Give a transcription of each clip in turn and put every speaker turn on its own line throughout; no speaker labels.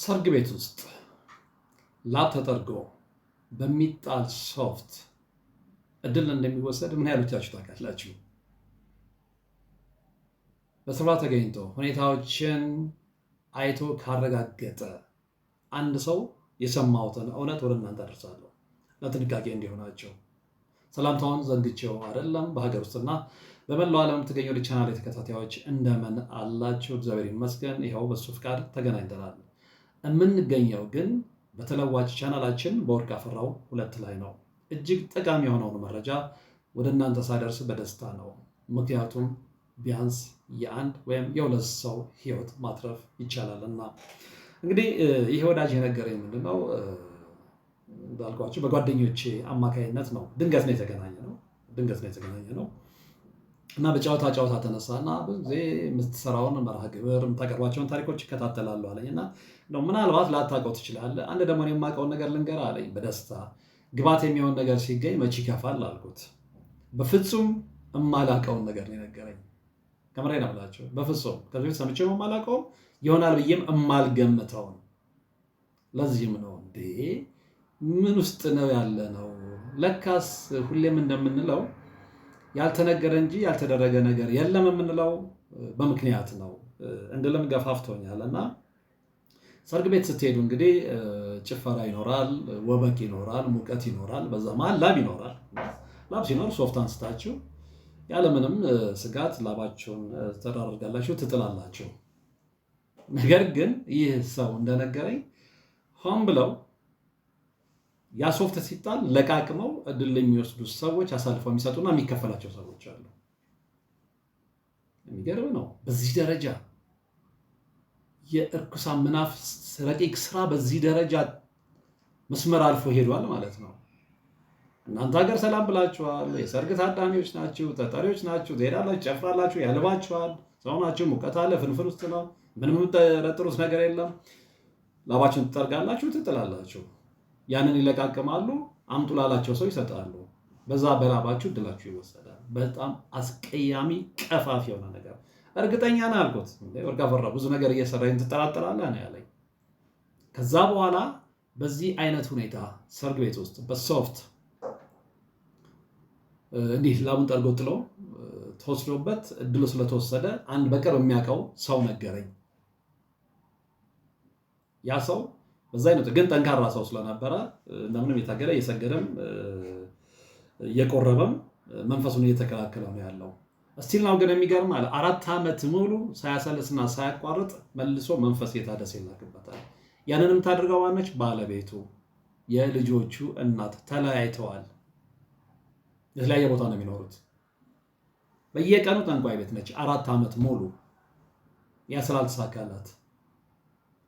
ሰርግ ቤት ውስጥ ላብ ተጠርጎ በሚጣል ሶፍት እድል እንደሚወሰድ ምን ያህሎቻችሁ ታውቃላችሁ? በስፍራ ተገኝቶ ሁኔታዎችን አይቶ ካረጋገጠ አንድ ሰው የሰማሁትን እውነት ወደ እናንተ አደርሳለሁ። ለጥንቃቄ እንዲሆናቸው ሰላምታውን ዘንግቼው አይደለም። በሀገር ውስጥና በመላው ዓለም የምትገኙ ቻናል የተከታታዮች እንደምን አላችሁ? እግዚአብሔር ይመስገን። ይኸው በሱ ፍቃድ ተገናኝተናል። የምንገኘው ግን በተለዋጭ ቻናላችን በወርቅ አፈራው ሁለት ላይ ነው። እጅግ ጠቃሚ የሆነውን መረጃ ወደ እናንተ ሳደርስ በደስታ ነው። ምክንያቱም ቢያንስ የአንድ ወይም የሁለት ሰው ህይወት ማትረፍ ይቻላልና። እንግዲህ ይህ ወዳጅ የነገረኝ ምንድነው እንዳልኳቸው በጓደኞቼ አማካይነት ነው። ድንገት ነው የተገናኘ ነው። ድንገት ነው የተገናኘ ነው እና በጨዋታ ጨዋታ ተነሳ እና ብዙ ጊዜ የምትሰራውን መርሃ ግብር የምታቀርባቸውን ታሪኮች ይከታተላሉ አለኝ እና ነው። ምናልባት ላታውቀው ትችላለህ። አንድ ደግሞ የማውቀውን ነገር ልንገር አለኝ በደስታ ግባት የሚሆን ነገር ሲገኝ መቼ ይከፋል አልኩት። በፍጹም እማላውቀውን ነገር ነው የነገረኝ። ከምሬ ነው የምላቸው። በፍጹም ከዚህ በፊት ሰምቼው የማላውቀውም ይሆናል ብዬም እማልገምተውን። ለዚህም ነው እንዴ ምን ውስጥ ነው ያለ ነው ለካስ ሁሌም እንደምንለው ያልተነገረ እንጂ ያልተደረገ ነገር የለም የምንለው በምክንያት ነው እንድልም ገፋፍቶኛል እና ሰርግ ቤት ስትሄዱ እንግዲህ ጭፈራ ይኖራል፣ ወበቅ ይኖራል፣ ሙቀት ይኖራል፣ በዛ መሀል ላብ ይኖራል። ላብ ሲኖር ሶፍት አንስታችሁ ያለምንም ስጋት ላባችሁን ተዳርጋላችሁ፣ ትጥላላችሁ። ነገር ግን ይህ ሰው እንደነገረኝ ሆን ብለው ያ ሶፍት ሲጣል ለቃቅመው እድል የሚወስዱ ሰዎች አሳልፈው የሚሰጡና የሚከፈላቸው ሰዎች አሉ። የሚገርም ነው በዚህ ደረጃ የእርኩሳን መናፍስት ረቂቅ ስራ በዚህ ደረጃ መስመር አልፎ ሄዷል ማለት ነው። እናንተ ሀገር ሰላም ብላችኋል፣ የሰርግ ታዳሚዎች ናችሁ፣ ተጠሪዎች ናችሁ፣ ትሄዳላችሁ፣ ጨፍራላችሁ፣ ያልባችኋል፣ ሰው ናችሁ፣ ሙቀት አለ፣ ፍንፍን ውስጥ ነው፣ ምንም የምትጠረጥሩት ነገር የለም። ላባችሁን ትጠርጋላችሁ፣ ትጥላላችሁ፣ ያንን ይለቃቅማሉ፣ አምጡ ላላቸው ሰው ይሰጣሉ። በዛ በላባችሁ እድላችሁ ይወሰዳል። በጣም አስቀያሚ ቀፋፊ የሆነ ነገር እርግጠኛ ነህ አልኩት። ወርቅ አፈራ ብዙ ነገር እየሰራኝ ትጠራጠራለህ ነው ያለኝ። ከዛ በኋላ በዚህ አይነት ሁኔታ ሰርግ ቤት ውስጥ በሶፍት እንዲህ ላቡን ጠርጎ ጥሎ ተወስዶበት እድሉ ስለተወሰደ አንድ በቅርብ የሚያውቀው ሰው ነገረኝ። ያ ሰው በዛ አይነቱ ግን ጠንካራ ሰው ስለነበረ እንደምንም የታገለ እየሰገደም እየቆረበም መንፈሱን እየተከላከለ ነው ያለው። እስቲል ነው ግን የሚገርም አለ አራት ዓመት ሙሉ ሳያሰልስና ሳያቋርጥ መልሶ መንፈስ የታደሰ ይላክበታል። ያንንም ታድርገው ዋነች ባለቤቱ የልጆቹ እናት ተለያይተዋል። የተለያየ ቦታ ነው የሚኖሩት። በየቀኑ ጠንቋይ ቤት ነች። አራት ዓመት ሙሉ ያ ስላልተሳካላት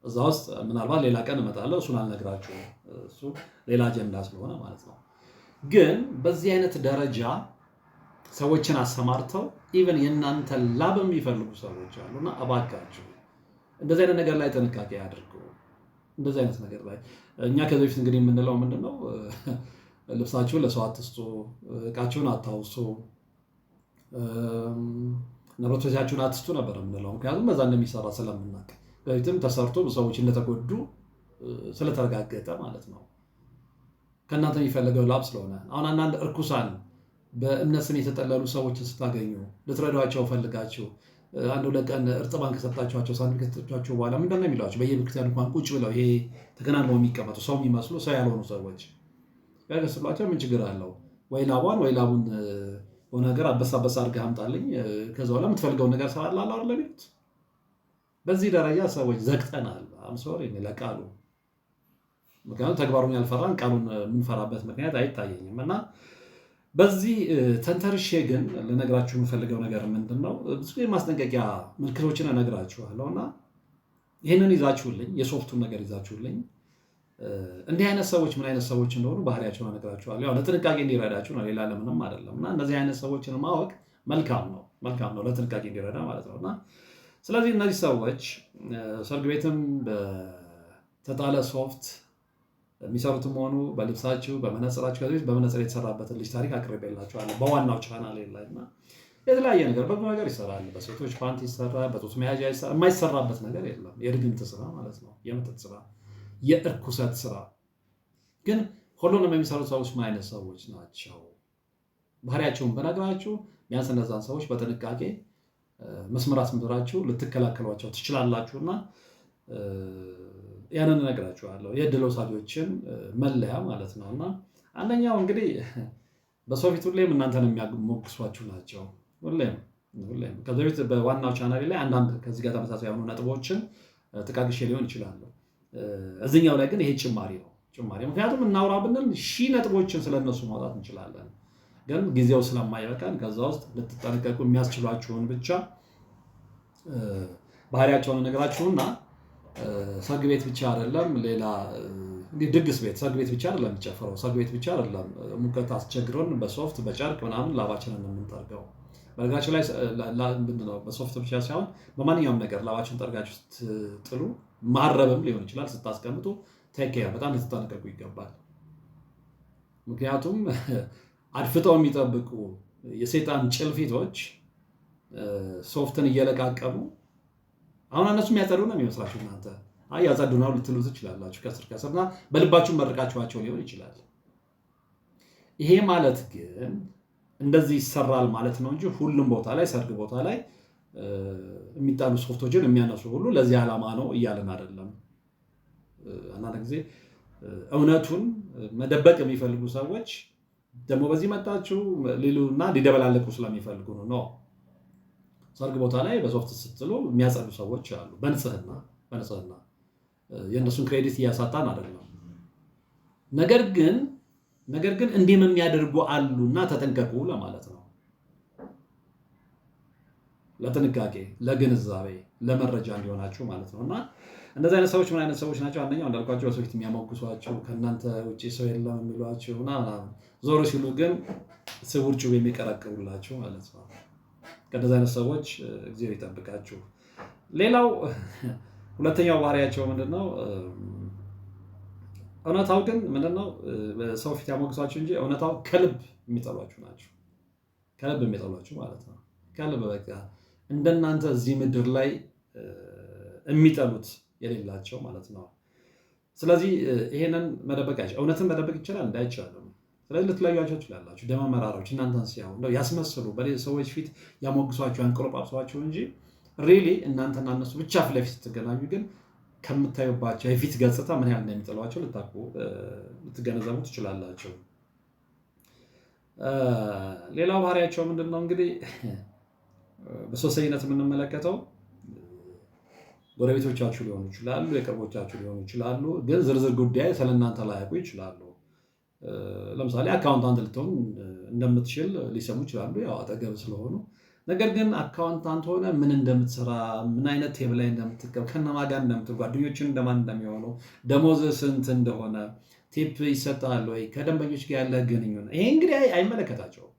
እዛ ውስጥ ምናልባት ሌላ ቀን እመጣለሁ። እሱን አልነግራችሁም፣ እሱ ሌላ አጀንዳ ስለሆነ ማለት ነው። ግን በዚህ አይነት ደረጃ ሰዎችን አሰማርተው ኢቨን የእናንተን ላብ የሚፈልጉ ሰዎች አሉና እባካችሁ እንደዚህ አይነት ነገር ላይ ጥንቃቄ አድርጉ። እንደዚህ አይነት ነገር ላይ እኛ ከዚህ በፊት እንግዲህ የምንለው ምንድን ነው፣ ልብሳችሁን ለሰው አትስጡ፣ እቃችሁን አታውሱ፣ ንብረቶቻችሁን አትስጡ ነበር የምንለው። ምክንያቱም በዛ እንደሚሰራ ስለምናውቅ በፊትም ተሰርቶ ሰዎች እንደተጎዱ ስለተረጋገጠ ማለት ነው። ከእናንተ የሚፈልገው ላብ ስለሆነ አሁን አንዳንድ እርኩሳን በእምነት ስም የተጠለሉ ሰዎችን ስታገኙ ልትረዷቸው ፈልጋችሁ አንድ ሁለት ቀን እርጥባን ከሰጣችኋቸው ሳንድ ከሰጣችኋቸው በኋላ ምንድን ነው የሚሏቸው? በየቤተክርስቲያኑ እንኳን ቁጭ ብለው ይሄ ተገናንበው የሚቀመጡ ሰው የሚመስሉ ሰው ያልሆኑ ሰዎች ያገስሏቸው ምን ችግር አለው? ወይ ላቧን ወይ ላቡን በሆነ ነገር አበሳ አበሳ አድርገህ አምጣልኝ፣ ከዛ በኋላ የምትፈልገውን ነገር ስላላለ ለቤት በዚህ ደረጃ ሰዎች ዘግጠናል። አምሶሪ ለቃሉ ምክንያቱም ተግባሩን ያልፈራን ቃሉን የምንፈራበት ምክንያት አይታየኝም እና በዚህ ተንተርሼ ግን ልነግራችሁ የምፈልገው ነገር ምንድን ነው? ብዙ ማስጠንቀቂያ ምልክቶችን እነግራችኋለሁ እና ይህንን ይዛችሁልኝ፣ የሶፍቱን ነገር ይዛችሁልኝ፣ እንዲህ አይነት ሰዎች ምን አይነት ሰዎች እንደሆኑ ባህሪያቸውን እነግራችኋለሁ። ያው ለጥንቃቄ እንዲረዳችሁ ነው፣ ሌላ ለምንም አይደለም። እና እነዚህ አይነት ሰዎችን ማወቅ መልካም ነው፣ መልካም ነው ለጥንቃቄ እንዲረዳ ማለት ነው። እና ስለዚህ እነዚህ ሰዎች ሰርግ ቤትም በተጣለ ሶፍት የሚሰሩትም ሆኑ በልብሳችሁ በመነጽራችሁ ከዚህ በመነጽር የተሰራበትን ልጅ ታሪክ አቅርቤላችኋለሁ በዋናው ቻናል ላይ እና የተለያየ ነገር በጎ ነገር ይሰራል። በሴቶች ፓንት ይሰራል፣ በጡት መያዣ ይሰራል። የማይሰራበት ነገር የለም። የድግምት ስራ ማለት ነው፣ የምትት ስራ፣ የእርኩሰት ስራ። ግን ሁሉንም የሚሰሩት ሰዎች ምን አይነት ሰዎች ናቸው? ባህሪያቸውን በነግራችሁ ቢያንስ እነዛን ሰዎች በጥንቃቄ መስመር አስምራችሁ ልትከላከሏቸው ትችላላችሁና ያንን እነግራችኋለሁ። የድል ወሳቢዎችን መለያ ማለት ነው። እና አንደኛው እንግዲህ በሰው ፊት ሁሌም እናንተን የሚያሞግሷችሁ ናቸው። ሁሌም ሁሌም ከዚ በፊት በዋናው ቻናሌ ላይ አንዳንድ ከዚህ ጋር ተመሳሳይ የሆኑ ነጥቦችን ጥቃቅሼ ሊሆን ይችላሉ። እዚኛው ላይ ግን ይሄ ጭማሪ ነው ጭማሪ ምክንያቱም እናውራ ብንል ሺህ ነጥቦችን ስለነሱ ማውጣት እንችላለን፣ ግን ጊዜው ስለማይበቃን ከዛ ውስጥ ልትጠነቀቁ የሚያስችሏችሁን ብቻ ባህሪያቸውን እነግራችሁና ሰርግ ቤት ብቻ አይደለም፣ ሌላ ድግስ ቤት ሰርግ ቤት ብቻ አይደለም የሚጨፈረው። ሰርግ ቤት ብቻ አይደለም። ሙቀት አስቸግሮን በሶፍት በጨርቅ ምናምን ላባችንን የምንጠርገው። በነገራችን ላይ ምንድነው በሶፍት ብቻ ሳይሆን በማንኛውም ነገር ላባችሁን ጠርጋችሁ ስትጥሉ፣ ማረብም ሊሆን ይችላል ስታስቀምጡ፣ ቴክያ በጣም ልትጠነቀቁ ይገባል። ምክንያቱም አድፍጠው የሚጠብቁ የሴጣን ጭልፊቶች ሶፍትን እየለቃቀሙ አሁን እነሱ የሚያጸዱ ነው የሚመስላችሁ እናንተ አይ ያጸዱናው ልትሉ ትችላላችሁ። ከስር ከስርና በልባችሁ መርቃችኋቸው ሊሆን ይችላል። ይሄ ማለት ግን እንደዚህ ይሰራል ማለት ነው እንጂ ሁሉም ቦታ ላይ ሰርግ ቦታ ላይ የሚጣሉ ሶፍቶችን የሚያነሱ ሁሉ ለዚህ ዓላማ ነው እያለን አይደለም። አንዳንድ ጊዜ እውነቱን መደበቅ የሚፈልጉ ሰዎች ደግሞ በዚህ መጣችሁ ሊሉና ሊደበላለቁ ስለሚፈልጉ ነው። ሰርግ ቦታ ላይ በሶፍት ስትሉ የሚያጸዱ ሰዎች አሉ። በንጽህና በንጽህና የእነሱን ክሬዲት እያሳጣን አይደለም። ነገር ግን ነገር ግን እንዲህም የሚያደርጉ አሉና ተጠንቀቁ ለማለት ነው። ለጥንቃቄ፣ ለግንዛቤ፣ ለመረጃ እንዲሆናችሁ ማለት ነው። እና እንደዚህ አይነት ሰዎች ምን አይነት ሰዎች ናቸው? አንደኛው እንዳልኳቸው በሰፊት ፊት የሚያሞግሷቸው ከእናንተ ውጭ ሰው የለም የሚሏቸው ዞሮ ሲሉ ግን ስውር ጩቤ የሚቀረቅሩላቸው ማለት ነው። ከእንደዚህ አይነት ሰዎች እግዚአብሔር ይጠብቃችሁ። ሌላው ሁለተኛው ባህሪያቸው ምንድን ነው? እውነታው ግን ምንድን ነው? ሰው ፊት ያሞግሷቸው እንጂ እውነታው ከልብ የሚጠሏችሁ ናቸው። ከልብ የሚጠሏችሁ ማለት ነው። ከልብ በቃ እንደናንተ እዚህ ምድር ላይ የሚጠሉት የሌላቸው ማለት ነው። ስለዚህ ይሄንን መደበቅ እውነትን መደበቅ ይችላል እንዳይቻልም ስለዚህ ልትለዩቸው ትችላላችሁ። ደመ መራሮች እናንተን ሲያው ያስመስሉ ሰዎች ፊት ያሞግሷቸው ያንቆለጳብሷቸው እንጂ ሪሊ እናንተና እነሱ ብቻ ፊት ለፊት ስትገናኙ ግን ከምታዩባቸው የፊት ገጽታ ምን ያህል እንደሚጥሏቸው ልትገነዘቡ ትችላላችሁ። ሌላው ባህሪያቸው ምንድን ነው? እንግዲህ በሶስተኝነት የምንመለከተው ጎረቤቶቻችሁ ሊሆኑ ይችላሉ፣ የቅርቦቻችሁ ሊሆኑ ይችላሉ። ግን ዝርዝር ጉዳይ ስለእናንተ ላያውቁ ይችላሉ። ለምሳሌ አካውንታንት ልትሆን እንደምትችል ሊሰሙ ይችላሉ፣ ያው አጠገብ ስለሆኑ። ነገር ግን አካውንታንት ሆነ ምን እንደምትሰራ ምን አይነት ቴብ ላይ እንደምትቀብ ከነማ ጋር እንደምትል ጓደኞችን እንደማን እንደሚሆኑ ደሞዝ ስንት እንደሆነ ቲፕ ይሰጣል ወይ ከደንበኞች ጋር ያለ ግንኙነት፣ ይሄ እንግዲህ አይመለከታቸውም።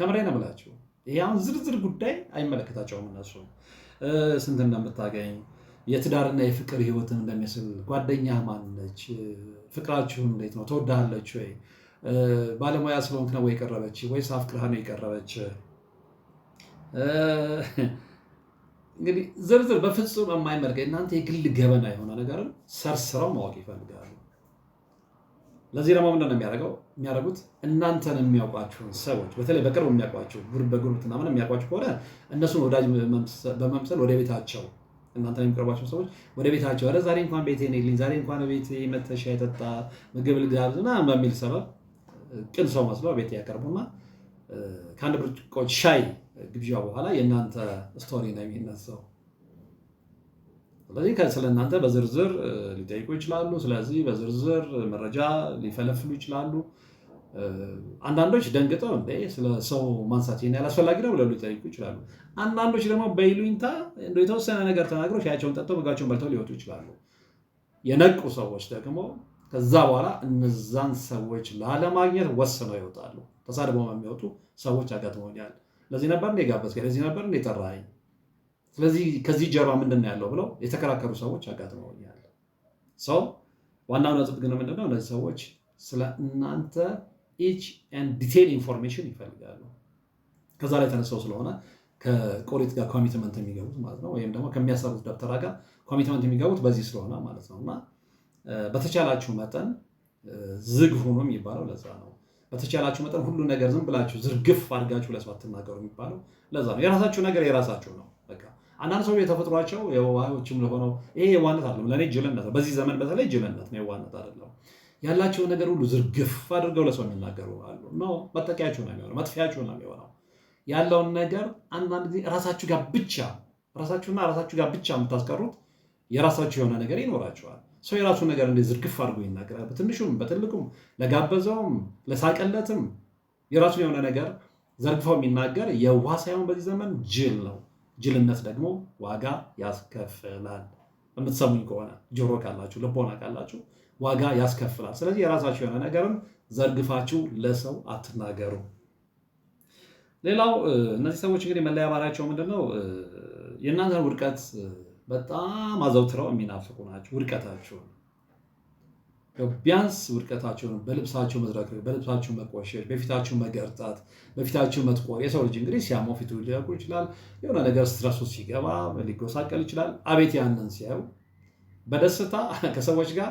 ከምሬ ነው ብላችሁ ይሄ አሁን ዝርዝር ጉዳይ አይመለከታቸውም እነሱ ስንት እንደምታገኝ የትዳርና የፍቅር ህይወትን እንደሚስል ጓደኛ ማነች? ፍቅራችሁን እንዴት ነው? ተወዳለች ወይ? ባለሙያ ስለሆንክ ነው የቀረበች ወይስ አፍቅርሃ ነው የቀረበች? እንግዲህ ዝርዝር በፍጹም የማይመልከ እናንተ የግል ገበና የሆነ ነገርን ሰርስረው ማወቅ ይፈልጋሉ። ለዚህ ደግሞ ምንድን ነው የሚያደርገው የሚያደርጉት እናንተን የሚያውቋቸውን ሰዎች በተለይ በቅርብ የሚያውቋቸው ጉር በጉርብትና ምናምን የሚያውቋቸው ከሆነ እነሱን ወዳጅ በመምሰል ወደ ቤታቸው እናንተ የሚቀርባቸው ሰዎች ወደ ቤታቸው ኧረ ዛሬ እንኳን ቤቴ ነግልኝ፣ ዛሬ እንኳን ቤቴ መተሻ የጠጣ ምግብ ልጋብዝ ምናምን በሚል ሰበብ ቅን ሰው መስሎ ቤት ያቀርቡና ከአንድ ብርጭቆ ሻይ ግብዣ በኋላ የእናንተ ስቶሪ ነው የሚነሳው። ስለዚህ ስለ እናንተ በዝርዝር ሊጠይቁ ይችላሉ። ስለዚህ በዝርዝር መረጃ ሊፈለፍሉ ይችላሉ። አንዳንዶች ደንግጠው እንደ ስለ ሰው ማንሳት ይሄን አስፈላጊ ነው ብለው ሊጠይቁ ይችላሉ። አንዳንዶች ደግሞ በይሉኝታ የተወሰነ ነገር ተናግረው ሻያቸውን ጠጥተው ምግባቸውን በልተው ሊወጡ ይችላሉ። የነቁ ሰዎች ደግሞ ከዛ በኋላ እነዛን ሰዎች ላለማግኘት ወስነው ይወጣሉ። ተሳድበው የሚወጡ ሰዎች አጋጥመውኛል። ለዚህ ነበር እንደ ለዚህ ነበር እንደ ስለዚህ ከዚህ ጀርባ ምንድን ነው ያለው ብለው የተከራከሩ ሰዎች አጋጥመውኛል። ሰው ዋናው ነጥብ ግን ምንድነው እነዚህ ሰዎች ስለ እናንተ ኢች ኤንድ ዲቴል ኢንፎርሜሽን ይፈልጋሉ። ከዛ ላይ ተነሳው ስለሆነ ከቆሪት ጋር ኮሚትመንት የሚገቡት ማለት ነው። ወይም ደግሞ ከሚያሰሩት ደብተራ ጋር ኮሚትመንት የሚገቡት በዚህ ስለሆነ ማለት ነው። እና በተቻላችሁ መጠን ዝግ ሁኑ የሚባለው ለዛ ነው። በተቻላችሁ መጠን ሁሉ ነገር ዝም ብላችሁ ዝርግፍ አድርጋችሁ ለሰው አትናገሩ የሚባለው ለዛ ነው። የራሳችሁ ነገር የራሳችሁ ነው። በቃ አንዳንድ ሰው የተፈጥሯቸው የዋሆችም ለሆነው ይሄ የዋነት አይደለም። ለእኔ ጅልነት ነው። በዚህ ዘመን በተለይ ጅልነት ነው፣ የዋነት አይደለም። ያላቸውን ነገር ሁሉ ዝርግፍ አድርገው ለሰው የሚናገሩ አሉ። መጠቂያቸው ነው የሚሆነው፣ መጥፊያቸው ነው የሚሆነው። ያለውን ነገር አንዳንድ ጊዜ ራሳችሁ ጋር ብቻ ራሳችሁና ራሳችሁ ጋር ብቻ የምታስቀሩት የራሳችሁ የሆነ ነገር ይኖራቸዋል። ሰው የራሱን ነገር እንደ ዝርግፍ አድርጎ ይናገራል። በትንሹም በትልቁም ለጋበዘውም ለሳቀለትም የራሱን የሆነ ነገር ዘርግፈው የሚናገር የዋህ ሳይሆን በዚህ ዘመን ጅል ነው። ጅልነት ደግሞ ዋጋ ያስከፍላል። የምትሰሙኝ ከሆነ ጆሮ ካላችሁ ልቦና ካላችሁ ዋጋ ያስከፍላል። ስለዚህ የራሳችሁ የሆነ ነገርም ዘርግፋችሁ ለሰው አትናገሩ። ሌላው እነዚህ ሰዎች እንግዲህ መለያ ባሪያቸው ምንድነው? የእናንተን ውድቀት በጣም አዘውትረው የሚናፍቁ ናቸው። ውድቀታችሁን ቢያንስ ውድቀታቸውን በልብሳቸው መዝረክረክ፣ በልብሳቸው መቆሸሽ፣ በፊታቸው መገርጣት፣ በፊታቸው መጥቆር። የሰው ልጅ እንግዲህ ሲያመው ፊቱ ሊያቁር ይችላል። የሆነ ነገር ስትረሱ ሲገባ ሊጎሳቀል ይችላል። አቤት ያንን ሲያዩ በደስታ ከሰዎች ጋር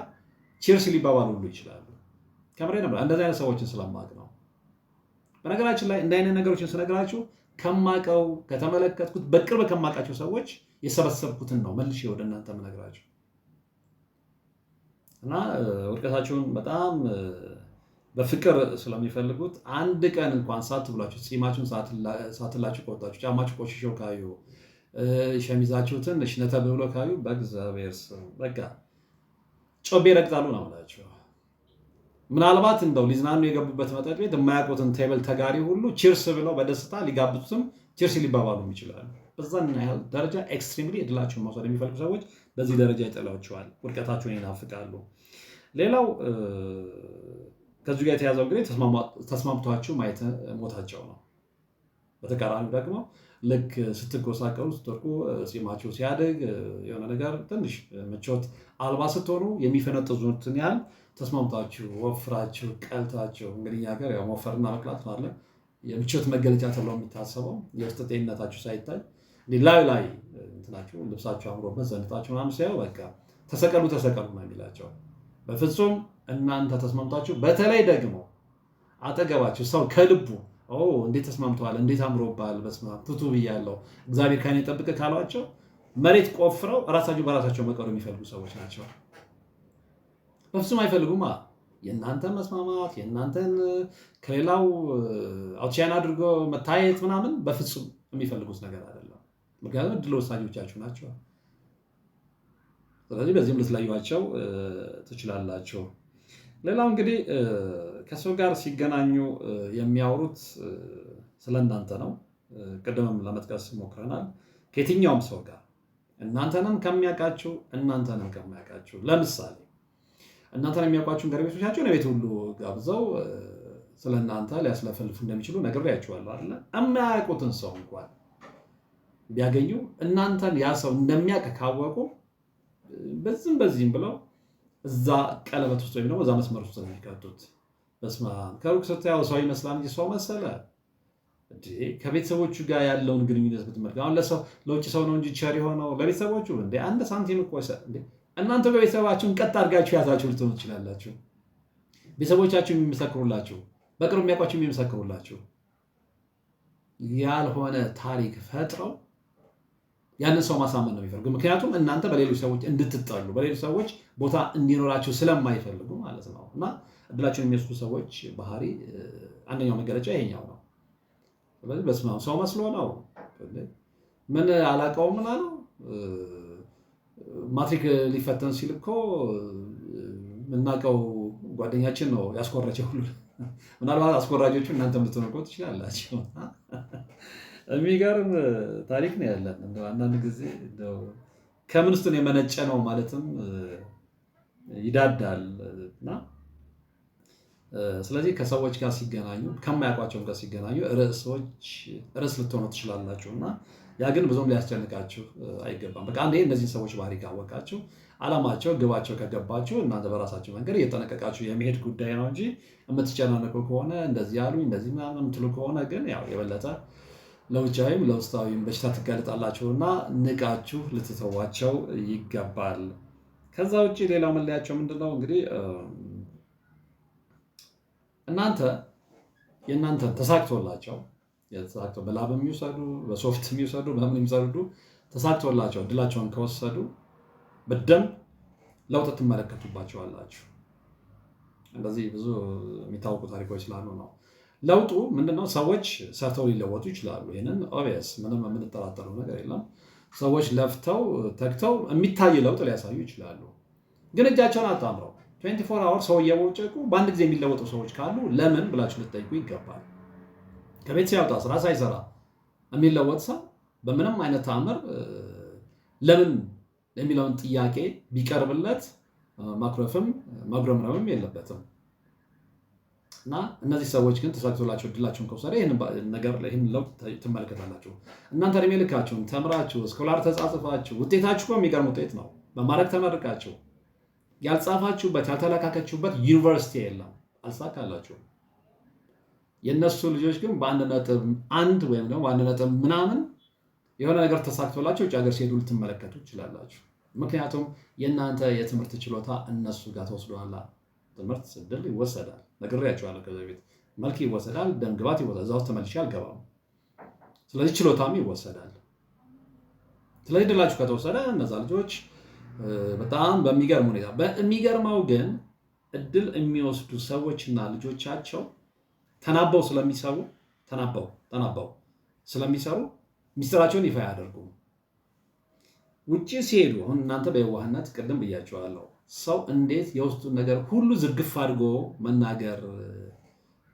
ቺርስ ሊባባል ሁሉ ይችላሉ። ከምሬ ነበር። እንደዚህ አይነት ሰዎችን ስለማቅ ነው። በነገራችን ላይ እንደ አይነት ነገሮችን ስነግራችሁ ከማቀው ከተመለከትኩት፣ በቅርብ ከማቃቸው ሰዎች የሰበሰብኩትን ነው መልሼ ወደ እናንተ የምነግራችሁ። እና ውድቀታችሁን በጣም በፍቅር ስለሚፈልጉት አንድ ቀን እንኳን ሳት ብላችሁ ጺማችሁን ሳትላችሁ ከወጣችሁ ጫማችሁ ቆሽሾ ካዩ ሸሚዛችሁ ትንሽ ነተብ ብሎ ካዩ በእግዚአብሔር ስም በቃ ጮቤ ይረግጣሉ ነው የምላቸው። ምናልባት እንደው ሊዝናኑ የገቡበት መጠጥ ቤት የማያውቁትን ቴብል ተጋሪ ሁሉ ቺርስ ብለው በደስታ ሊጋብቱትም ቺርስ ሊባባሉም ይችላሉ። በዛን ያህል ደረጃ ኤክስትሪምሊ እድላቸውን መውሰድ የሚፈልጉ ሰዎች በዚህ ደረጃ ይጥላቸዋል። ውድቀታቸውን ይናፍቃሉ። ሌላው ከዚህ ጋር የተያዘው እንግዲህ ተስማምቷቸው ማየት ሞታቸው ነው። በተቃራኒ ደግሞ ልክ ስትጎሳቀሉ ስትወርቁ ጺማቸው ሲያድግ የሆነ ነገር ትንሽ ምቾት አልባ ስትሆኑ የሚፈነጥዙትን ያህል ተስማምታችሁ ወፍራችሁ ቀልታችሁ እንግዲህ ሀገር መወፈርና መቅላት ማለት የምቾት መገለጫ ተብሎ የሚታሰበው የውስጥ ጤንነታችሁ ሳይታይ ላዩ ላይ እንትናችሁ ልብሳቸው አምሮ መዘንጣቸው ምናምን ሲያዩ በቃ ተሰቀሉ ተሰቀሉ ነው የሚላቸው። በፍጹም እናንተ ተስማምታችሁ፣ በተለይ ደግሞ አጠገባችሁ ሰው ከልቡ እንዴት ተስማምተዋል፣ እንዴት አምሮባል፣ በስመ አብ ፍቱ ብያለሁ፣ እግዚአብሔር ከኔ ጠብቅ ካሏቸው መሬት ቆፍረው ራሳቸው በራሳቸው መቀሩ የሚፈልጉ ሰዎች ናቸው። በፍጹም አይፈልጉማ። የእናንተን መስማማት የእናንተን ከሌላው አውትሻይን አድርጎ መታየት ምናምን በፍጹም የሚፈልጉት ነገር አለ ምክንያቱም እድል ወሳኞቻችሁ ናቸው። ስለዚህ በዚህም ልትለዩቸው ትችላላቸው። ሌላው እንግዲህ ከሰው ጋር ሲገናኙ የሚያወሩት ስለ እናንተ ነው። ቅድምም ለመጥቀስ ሞክረናል። ከየትኛውም ሰው ጋር እናንተንም ከሚያውቃችሁ እናንተንም ከሚያውቃችሁ ለምሳሌ እናንተን የሚያውቋችሁን ጎረቤቶቻችሁ ቤት ሁሉ ጋብዘው ስለ እናንተ ሊያስለፈልፉ እንደሚችሉ ነግሬያችኋለሁ አለ የማያውቁትን ሰው እንኳን ቢያገኙ እናንተን ያ ሰው እንደሚያውቅ ካወቁ በዚህም በዚህም ብለው እዛ ቀለበት ውስጥ ወይም ደግሞ እዛ መስመር ውስጥ ነው የሚከቱት። በስመ አብ ከሩቅ ስታየው ሰው ይመስላል እንጂ ሰው መሰለ። ከቤተሰቦቹ ጋር ያለውን ግንኙነት ብትመልክ አሁን ለሰው ለውጭ ሰው ነው እንጂ ቸር የሆነው ለቤተሰቦቹ እንደ አንድ ሳንቲም እኮ እናንተ በቤተሰባችሁን ቀጥ አድርጋችሁ ያዛችሁ ልትሆኑ ትችላላችሁ። ቤተሰቦቻችሁ የሚመሰክሩላችሁ፣ በቅርብ የሚያውቋችሁ የሚመሰክሩላችሁ ያልሆነ ታሪክ ፈጥረው ያንን ሰው ማሳመን ነው የሚፈልጉ። ምክንያቱም እናንተ በሌሎች ሰዎች እንድትጠሉ በሌሎች ሰዎች ቦታ እንዲኖራቸው ስለማይፈልጉ ማለት ነው። እና እድላቸውን የሚወስዱ ሰዎች ባህሪ አንደኛው መገለጫ ይሄኛው ነው። ስለዚህ በስመ አብ ሰው መስሎ ነው ምን አላውቀውም ምና ነው ማትሪክ ሊፈተን ሲል እኮ የምናውቀው ጓደኛችን ነው ያስኮረቸው ሁሉ። ምናልባት አስኮራጆቹ እናንተ ብትሆኑ ትችላላቸው።
የሚገርም ታሪክ ነው ያለን። እንደው አንዳንድ ጊዜ እንደው
ከምን ውስጥ የመነጨ ነው ማለትም ይዳዳል እና ስለዚህ ከሰዎች ጋር ሲገናኙ ከማያውቋቸውም ጋር ሲገናኙ ርዕስ ልትሆኑ ትችላላችሁ እና ያ ግን ብዙም ሊያስጨንቃችሁ አይገባም። በቃ አንዴ እነዚህን ሰዎች ባህሪ ካወቃችሁ፣ አላማቸው፣ ግባቸው ከገባችሁ እናንተ በራሳችሁ መንገድ እየጠነቀቃችሁ የመሄድ ጉዳይ ነው እንጂ የምትጨናነቁ ከሆነ እንደዚህ ያሉኝ እንደዚህ ምናምን የምትሉ ከሆነ ግን ያው የበለጠ ለውጫዊም ለውስጣዊም በሽታ ትጋለጣላችሁና ንቃችሁ ልትተዋቸው ይገባል። ከዛ ውጭ ሌላው መለያቸው ምንድነው እንግዲህ እናንተ የእናንተ ተሳክቶላቸው በላብ የሚውሰዱ በሶፍት የሚውሰዱ በምን የሚሰዱ ተሳክቶላቸው ድላቸውን ከወሰዱ በደንብ ለውጥ ትመለከቱባቸዋላችሁ። እንደዚህ ብዙ የሚታወቁ ታሪኮች ስላሉ ነው። ለውጡ ምንድነው? ሰዎች ሰርተው ሊለወጡ ይችላሉ። ይህንን ኦብቪየስ ምንም የምንጠራጠረው ነገር የለም። ሰዎች ለፍተው ተግተው የሚታይ ለውጥ ሊያሳዩ ይችላሉ። ግን እጃቸውን አጣምረው 24 አወር ሰው እየቦጨቁ በአንድ ጊዜ የሚለወጡ ሰዎች ካሉ ለምን ብላችሁ ልትጠይቁ ይገባል። ከቤት ሲያወጣ ስራ ሳይሰራ የሚለወጥ ሰው በምንም አይነት ተአምር ለምን የሚለውን ጥያቄ ቢቀርብለት ማኩረፍም ማጉረምረምም የለበትም። እና እነዚህ ሰዎች ግን ተሳክቶላቸው ድላቸውን ከውሳደ ነገር ይህን ለውጥ ትመለከታላችሁ። እናንተ እድሜ ልካችሁን ተምራችሁ ስኮላር ተጻጽፋችሁ ውጤታችሁ እኮ የሚገርም ውጤት ነው። በማድረግ ተመርቃችሁ ያልጻፋችሁበት ያልተለካከችሁበት ዩኒቨርሲቲ የለም፣ አልሳካላችሁም። የእነሱ ልጆች ግን በአንድ ነጥብ አንድ ወይም ደግሞ በአንድ ነጥብ ምናምን የሆነ ነገር ተሳክቶላቸው ውጭ ሀገር ሲሄዱ ልትመለከቱ ይችላላችሁ። ምክንያቱም የእናንተ የትምህርት ችሎታ እነሱ ጋር ተወስደዋላ። ትምህርት ስድል ይወሰዳል። ነግሬያቸዋለሁ። ከዛ ቤት መልክ ይወሰዳል፣ ግባት ይወሰዳል። እዛ ውስጥ ተመልሼ አልገባም። ስለዚህ ችሎታም ይወሰዳል። ስለዚህ ድላችሁ ከተወሰደ እነዛ ልጆች በጣም በሚገርም ሁኔታ በሚገርመው ግን እድል የሚወስዱ ሰዎችና ልጆቻቸው ተናበው ስለሚሰሩ ተናበው ተናበው ስለሚሰሩ ሚስጥራቸውን ይፋ ያደርጉ ውጭ ሲሄዱ አሁን እናንተ በየዋህነት ቅድም ብያቸዋለሁ ሰው እንዴት የውስጡን ነገር ሁሉ ዝርግፍ አድርጎ መናገር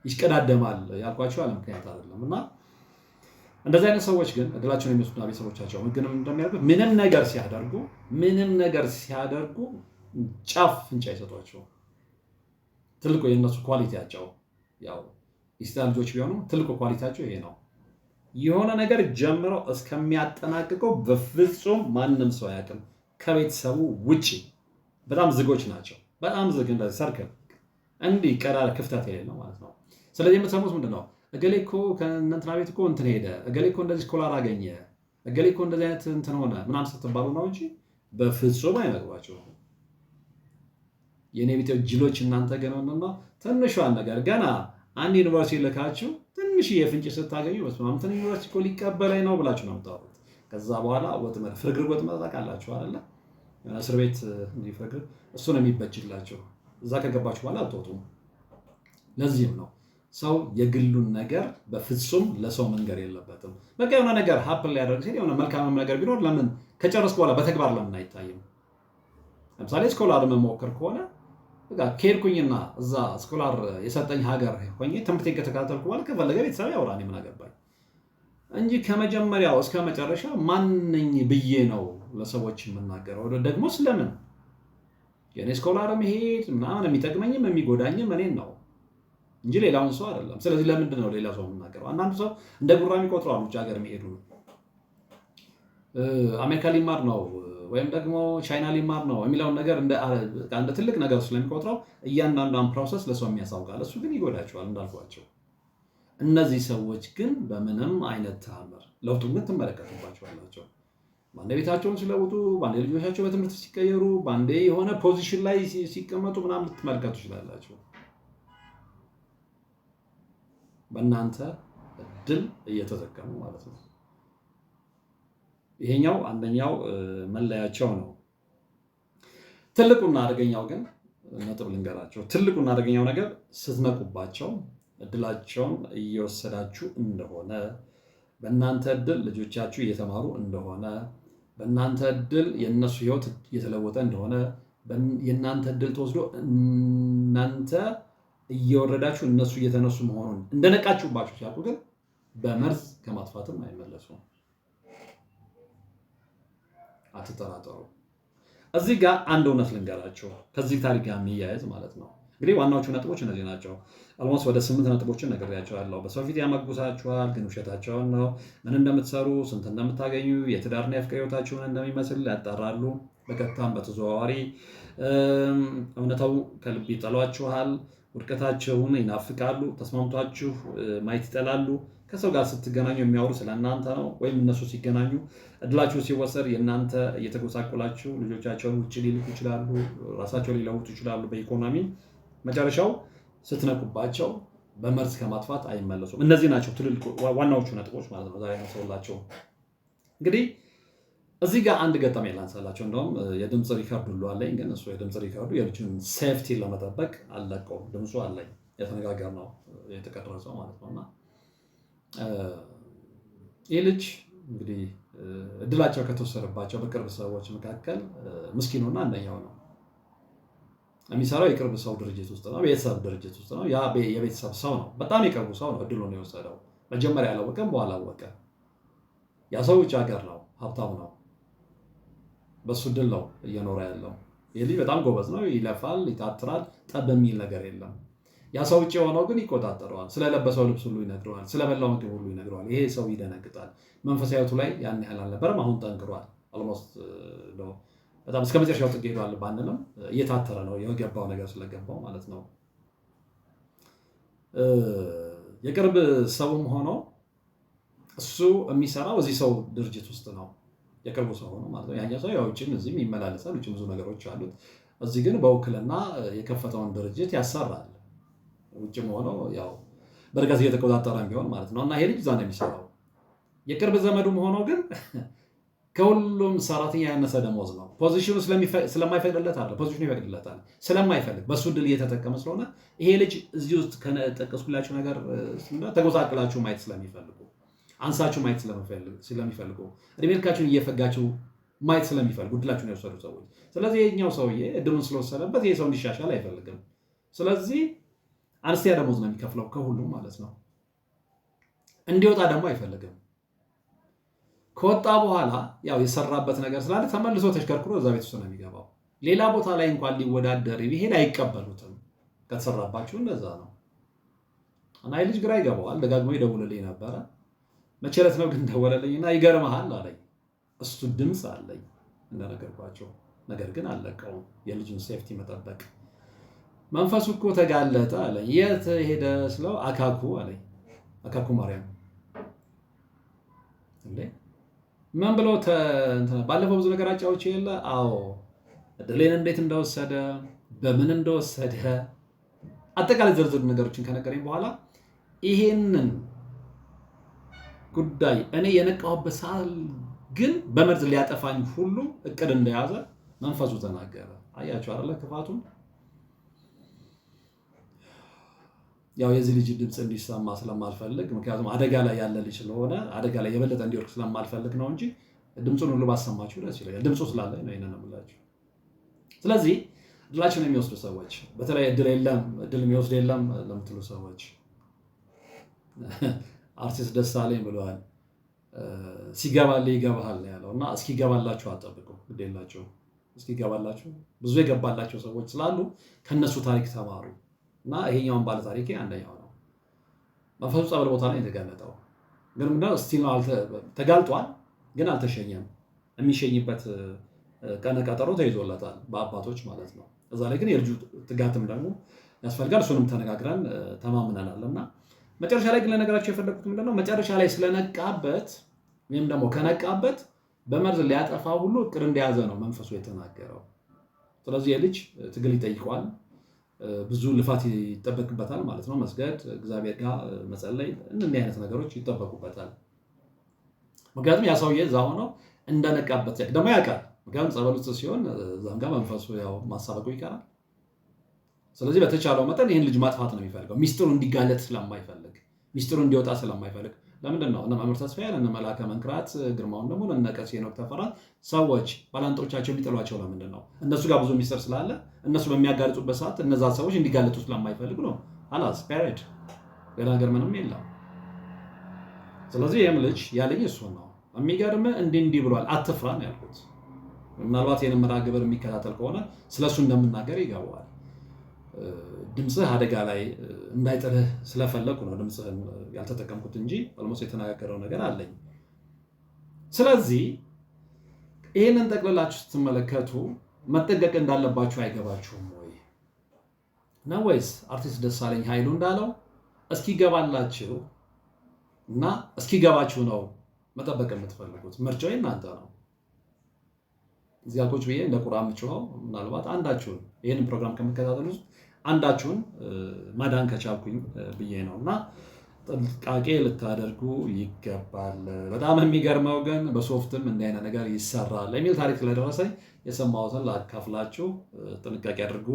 ይሽቀዳደማል ያልኳቸው ያለ ምክንያት አይደለም። እና እንደዚህ አይነት ሰዎች ግን እድላቸውን የሚወስዱና ቤተሰቦቻቸው ግን እንደሚያደርጉ ምንም ነገር ሲያደርጉ ምንም ነገር ሲያደርጉ ጫፍ ፍንጭ አይሰጧቸው። ትልቁ የእነሱ ኳሊቲያቸው ያው ኢስታ ልጆች ቢሆኑ ትልቁ ኳሊቲያቸው ይሄ ነው። የሆነ ነገር ጀምረው እስከሚያጠናቅቀው በፍጹም ማንም ሰው አያውቅም ከቤተሰቡ ውጭ በጣም ዝጎች ናቸው። በጣም ዝግ እንደዚህ ሰርክል እንዲህ ቀዳዳ ክፍተት የሌለው ማለት ነው። ስለዚህ የምትሰሙት ምንድን ነው? እገሌ እኮ ከእንትና ቤት እኮ እንትን ሄደ፣ እገሌ እኮ እንደዚህ ኮላር አገኘ፣ እገሌ እኮ እንደዚህ አይነት እንትን ሆነ ምናምን ስትባሉ ነው እንጂ በፍጹም አይነግሯቸው። የእኔ ቤት ጅሎች እናንተ ግን ምንና ትንሿን ነገር ገና አንድ ዩኒቨርሲቲ ልካችሁ ትንሽ የፍንጭ ስታገኙ በስማምትን ዩኒቨርሲቲ እኮ ሊቀበለኝ ነው ብላችሁ ነው የምታወሩት። ከዛ በኋላ ወጥመድ ፍርግርግ ወጥመድ ታውቃላችሁ እስር ቤት እንዲፈቅድ እሱ ነው የሚበጅላቸው። እዛ ከገባችሁ በኋላ አትወጡም። ለዚህም ነው ሰው የግሉን ነገር በፍጹም ለሰው መንገር የለበትም። በቃ የሆነ ነገር ሀፕን ሊያደርግ ሲል የሆነ መልካምም ነገር ቢኖር ለምን ከጨረስኩ በኋላ በተግባር ለምን አይታይም? ለምሳሌ ስኮላር መሞከር ከሆነ ከሄድኩኝና እዛ ስኮላር የሰጠኝ ሀገር ሆኜ ትምህርቴን ከተከታተልኩ በኋላ ከፈለገ ቤተሰብ ያውራን ምን አገባኝ እንጂ ከመጀመሪያው እስከ መጨረሻ ማንኝ ብዬ ነው ለሰዎች የምናገረው። ደግሞ ስለምን የእኔ ስኮላር መሄድ ምናምን የሚጠቅመኝም የሚጎዳኝም እኔን ነው እንጂ ሌላውን ሰው አይደለም። ስለዚህ ለምንድን ነው ሌላ ሰው የምናገረው? አንዳንዱ ሰው እንደ ጉራ የሚቆጥረዋል። ውጭ ሀገር መሄዱ አሜሪካ ሊማር ነው ወይም ደግሞ ቻይና ሊማር ነው የሚለውን ነገር እንደ ትልቅ ነገር ስለሚቆጥረው እያንዳንዷን ፕሮሰስ ለሰው የሚያሳውቃል። እሱ ግን ይጎዳቸዋል እንዳልኳቸው እነዚህ ሰዎች ግን በምንም አይነት ተአምር ለውጡ ግን አላቸው። በአንዴ ቤታቸውን ሲለውጡ፣ በአንዴ ልጆቻቸው በትምህርት ሲቀየሩ፣ በአንዴ የሆነ ፖዚሽን ላይ ሲቀመጡ ምናምን ልትመለከቱ ይችላላቸው። በእናንተ እድል እየተጠቀሙ ማለት ነው። ይሄኛው አንደኛው መለያቸው ነው። ትልቁና አደገኛው ግን ነጥብ ልንገራቸው። ትልቁና አደገኛው ነገር ስትነቁባቸው እድላቸውን እየወሰዳችሁ እንደሆነ በእናንተ እድል ልጆቻችሁ እየተማሩ እንደሆነ በእናንተ እድል የእነሱ ህይወት እየተለወጠ እንደሆነ የእናንተ እድል ተወስዶ እናንተ እየወረዳችሁ እነሱ እየተነሱ መሆኑን እንደነቃችሁባችሁ ሲያውቁ ግን በመርዝ ከማጥፋትም አይመለሱም። አትጠራጠሩ። እዚህ ጋር አንድ እውነት ልንገራችሁ፣ ከዚህ ታሪክ ጋር የሚያያዝ ማለት ነው። እንግዲህ ዋናዎቹ ነጥቦች እነዚህ ናቸው። አልሞስ ወደ ስምንት ነጥቦችን ነግሬያቸዋለሁ። በሰው ፊት ያመጉሳችኋል፣ ግን ውሸታቸውን ነው። ምን እንደምትሰሩ፣ ስንት እንደምታገኙ፣ የትዳርና የፍቅር እንደሚመስል ያጣራሉ። በቀጥታም በተዘዋዋሪ እውነታው ከልብ ይጠሏችኋል። ውድቀታቸውን ይናፍቃሉ። ተስማምቷችሁ ማየት ይጠላሉ። ከሰው ጋር ስትገናኙ የሚያወሩ ስለ እናንተ ነው፣ ወይም እነሱ ሲገናኙ። እድላችሁ ሲወሰድ የእናንተ እየተጎሳቆላችሁ ልጆቻቸውን ውጭ ሊልኩ ይችላሉ። ራሳቸው ሊለውጡ ይችላሉ በኢኮኖሚ መጨረሻው ስትነቁባቸው በመርዝ ከማጥፋት አይመለሱም። እነዚህ ናቸው ትልልቅ ዋናዎቹ ነጥቦች ማለት ነው ዛሬ ያነሳሁላቸው። እንግዲህ እዚህ ጋር አንድ ገጠመኝ ላንሳላቸው። እንደውም የድምፅ ሪከርድ ሁሉ አለኝ፣ ግን እሱ የድምፅ ሪከርዱ የልጁን ሴፍቲ ለመጠበቅ አለቀው። ድምፁ አለኝ ነው የተቀረጸው ማለት ነው። እና ይህ ልጅ እንግዲህ እድላቸው ከተወሰደባቸው በቅርብ ሰዎች መካከል ምስኪኑና አንደኛው ነው። የሚሰራው የቅርብ ሰው ድርጅት ውስጥ ነው፣ ቤተሰብ ድርጅት ውስጥ ነው። ያ የቤተሰብ ሰው ነው፣ በጣም የቅርቡ ሰው ነው። እድሉን የወሰደው መጀመሪያ ያላወቀም በኋላ አወቀ። ያ ሰው ውጭ ሀገር ነው፣ ሀብታም ነው። በሱ እድል ነው እየኖረ ያለው። ይህ ልጅ በጣም ጎበዝ ነው፣ ይለፋል፣ ይታትራል። ጠብ የሚል ነገር የለም። ያ ሰው ውጭ የሆነው ግን ይቆጣጠረዋል። ስለለበሰው ልብስ ሁሉ ይነግረዋል፣ ስለበላው ምግብ ሁሉ ይነግረዋል። ይሄ ሰው ይደነግጣል። መንፈሳዊቱ ላይ ያን ያህል አልነበረም፣ አሁን ጠንክሯል። ኦልሞስት በጣም እስከ መጨረሻው ጥግ ሄዷል ባንልም እየታተረ ነው የገባው ነገር ስለገባው ማለት ነው። የቅርብ ሰውም ሆኖ እሱ የሚሰራው እዚህ ሰው ድርጅት ውስጥ ነው። የቅርቡ ሰው ሆኖ ማለት ነው። ያኛው ሰው ያው እዚህም ይመላለሳል። ውጭ ብዙ ነገሮች አሉት። እዚህ ግን በውክልና የከፈተውን ድርጅት ያሰራል። ውጭም ሆኖ ያው በእርጋት እየተቆጣጠረ ቢሆን ማለት ነው። እና ይሄ ልጅ እዛ ነው የሚሰራው። የቅርብ ዘመዱም ሆኖ ግን ከሁሉም ሰራተኛ ያነሰ ደሞዝ ነው ፖዚሽኑ ስለማይፈቅድለት አለ ፖዚሽኑ ይፈቅድለታል። ስለማይፈልግ በሱ ድል እየተጠቀመ ስለሆነ ይሄ ልጅ እዚህ ውስጥ ከጠቀስኩላቸው ነገር ተጎሳቅላችሁ ማየት ስለሚፈልጉ አንሳችሁ ማየት ስለሚፈልጉ እድሜ ልካችሁን እየፈጋችሁ ማየት ስለሚፈልጉ ድላችሁን የወሰዱ ሰዎች። ስለዚህ የኛው ሰውዬ እድሉን ስለወሰደበት ይሄ ሰው እንዲሻሻል አይፈልግም። ስለዚህ አነስተኛ ደሞዝ ነው የሚከፍለው ከሁሉም ማለት ነው። እንዲወጣ ደግሞ አይፈልግም። ከወጣ በኋላ ያው የሰራበት ነገር ስላለ ተመልሶ ተሽከርክሮ እዛ ቤት ውስጥ ነው የሚገባው። ሌላ ቦታ ላይ እንኳን ሊወዳደር ቢሄድ አይቀበሉትም። ከተሰራባችሁ እንደዛ ነው እና ልጅ ግራ ይገባዋል። ደጋግሞ ይደውልልኝ ነበረ። መቼ ዕለት ነው ግን ደወለልኝ እና ይገርመሃል አለኝ። እሱ ድምፅ አለኝ እንደነገርኳቸው፣ ነገር ግን አለቀውም። የልጁን ሴፍቲ መጠበቅ መንፈሱ እኮ ተጋለጠ አለ የት ሄደ ስለው አካኩ አለ አካኩ ማርያም እንዴ ምን ብለው ባለፈው ብዙ ነገር አጫዎች የለ አዎ እድሌን እንዴት እንደወሰደ በምን እንደወሰደ አጠቃላይ ዝርዝር ነገሮችን ከነገረኝ በኋላ ይሄንን ጉዳይ እኔ የነቃሁበት ሰዓት ግን በመርዝ ሊያጠፋኝ ሁሉ እቅድ እንደያዘ መንፈሱ ተናገረ። አያቸው አለ ክፋቱን ያው የዚህ ልጅ ድምፅ እንዲሰማ ስለማልፈልግ ምክንያቱም አደጋ ላይ ያለ ልጅ ስለሆነ አደጋ ላይ የበለጠ እንዲወርቅ ስለማልፈልግ ነው እንጂ ድምፁን ሁሉ ባሰማችሁ ደስ ይለኛል። ድምፁ ስላለ ነው ይህንን የምላችሁ። ስለዚህ እድላችን የሚወስዱ ሰዎች በተለይ እድል የለም እድል የሚወስድ የለም ለምትሉ ሰዎች አርቲስት ደሳለኝ ብለዋል። ሲገባል ይገባሃል ያለው እና እስኪገባላችሁ አጠብቁ። ግድ የላችሁ እስኪገባላችሁ ብዙ የገባላቸው ሰዎች ስላሉ ከነሱ ታሪክ ተማሩ። እና ይሄኛውን ባለ ታሪክ አንደኛው ነው። መንፈሱ ጸበል ቦታ ላይ የተጋለጠው ግን ምንድነው እስቲል ተጋልጧል፣ ግን አልተሸኘም። የሚሸኝበት ቀነ ቀጠሮ ተይዞለታል በአባቶች ማለት ነው። እዛ ላይ ግን የልጁ ትጋትም ደግሞ ያስፈልጋል። እሱንም ተነጋግረን ተማምነናል እና መጨረሻ ላይ ግን ለነገራቸው የፈለጉት ምንድነው መጨረሻ ላይ ስለነቃበት ወይም ደግሞ ከነቃበት በመርዝ ሊያጠፋ ሁሉ እቅድ እንደያዘ ነው መንፈሱ የተናገረው። ስለዚህ የልጅ ትግል ይጠይቋል። ብዙ ልፋት ይጠበቅበታል ማለት ነው። መስገድ፣ እግዚአብሔር ጋር መጸለይ፣ እንዲህ አይነት ነገሮች ይጠበቁበታል። ምክንያቱም ያ ሰውዬ እዛ ሆነው እንደነቃበት ደግሞ ያውቃል። ምክንያቱም ጸበል ውስጥ ሲሆን እዛም ጋር መንፈሱ ያው ማሳበቁ ይቀራል። ስለዚህ በተቻለው መጠን ይህን ልጅ ማጥፋት ነው የሚፈልገው። ሚስጥሩ እንዲጋለጥ ስለማይፈልግ፣ ሚስጥሩ እንዲወጣ ስለማይፈልግ ለምንድን ነው እነ መምህር ተስፋዬን እነ መላከ መንክራት ግርማውን ደግሞ ለነቀስ ቀሲስ ሄኖክ ተፈራት ሰዎች ባላንጦቻቸው የሚጠሏቸው ለምንድን ነው? እነሱ ጋር ብዙ ሚስጥር ስላለ እነሱ በሚያጋልጡበት ሰዓት እነዛ ሰዎች እንዲጋለጡ ስለማይፈልጉ ነው። አላስ ፔሬድ ሌላ ነገር ምንም የለም። ስለዚህ ይህም ልጅ ያለኝ እሱ ነው። የሚገርም እንዲህ እንዲህ ብሏል፣ አትፍራ ነው ያልኩት። ምናልባት ይህን መርሃ ግብር የሚከታተል ከሆነ ስለሱ እንደምናገር ይገባዋል። ድምፅህ አደጋ ላይ እንዳይጥልህ ስለፈለኩ ነው ድምፅህን ያልተጠቀምኩት እንጂ ኦልሞስት የተነጋገረው ነገር አለኝ። ስለዚህ ይህንን ጠቅልላችሁ ስትመለከቱ መጠንቀቅ እንዳለባችሁ አይገባችሁም ወይ ነው ወይስ አርቲስት ደሳለኝ ኃይሉ እንዳለው እስኪገባላችሁ እና እስኪገባችሁ ነው መጠበቅ የምትፈልጉት? ምርጫው እናንተ ነው። እዚያ ቁጭ ብዬ እንደ ቁራ የምችኸው ምናልባት አንዳችሁን ይህንን ፕሮግራም ከምትከታተሉት አንዳችሁን መዳን ከቻልኩኝ ብዬ ነው እና ጥንቃቄ ልታደርጉ ይገባል። በጣም የሚገርመው ግን በሶፍትም እንዲህ አይነት ነገር ይሰራል የሚል ታሪክ ስለደረሰኝ የሰማሁትን ላካፍላችሁ፣ ጥንቃቄ አድርጉ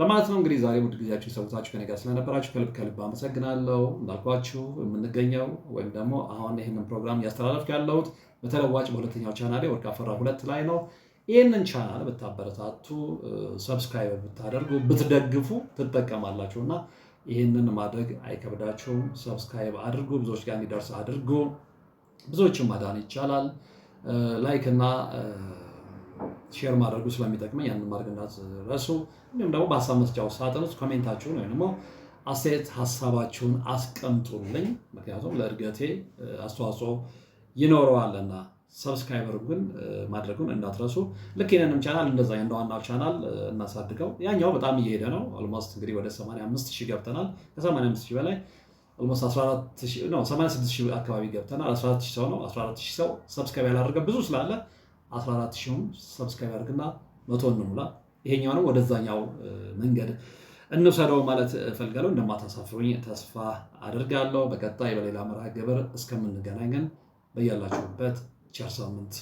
ለማለት ነው። እንግዲህ ዛሬ ውድ ጊዜያችሁ የሰውታችሁ ከእኔ ጋር ስለነበራችሁ ከልብ ከልብ አመሰግናለሁ። እንዳልኳችሁ የምንገኘው ወይም ደግሞ አሁን ይህንን ፕሮግራም እያስተላለፍኩ ያለሁት በተለዋጭ በሁለተኛው ቻናሌ ወርቅ አፈራ ሁለት ላይ ነው። ይህንን ቻናል ብታበረታቱ ሰብስክራይብ ብታደርጉ ብትደግፉ ትጠቀማላችሁ እና ይህንን ማድረግ አይከብዳችሁም። ሰብስክራይብ አድርጉ፣ ብዙዎች ጋር እንዲደርስ አድርጉ። ብዙዎችን ማዳን ይቻላል። ላይክ እና ሼር ማድረጉ ስለሚጠቅመኝ ያንን ማድረግ እንዳትረሱ። እንዲሁም ደግሞ በሀሳብ መስጫው ሳጥን ውስጥ ኮሜንታችሁን ወይም ደግሞ አስተያየት ሀሳባችሁን አስቀምጡልኝ። ምክንያቱም ለእድገቴ አስተዋጽኦ ይኖረዋልና ሰብስክራይበር ግን ማድረጉን እንዳትረሱ። ልክ ይህንንም ቻናል እንደዛ እንደ ዋናው ቻናል እናሳድገው። ያኛው በጣም እየሄደ ነው። ኦልሞስት እንግዲህ ወደ 85 ሺህ ገብተናል። ከ85 ሺህ በላይ ኦልሞስት 86 ሺህ አካባቢ ገብተናል። 14 ሺህ ሰው ነው 14 ሺህ ሰው ሰብስክራይብ ያላደረገ ብዙ ስላለ 14 ሺህም ሰብስክራይብ ያድርግና መቶ እንሙላ። ይሄኛውንም ወደዛኛው መንገድ እንውሰደው ማለት እፈልጋለሁ። እንደማታሳፍሩኝ ተስፋ አድርጋለሁ። በቀጣይ በሌላ መርሃ ግብር እስከምንገናኝ ግን በያላችሁበት Çarşambıntı.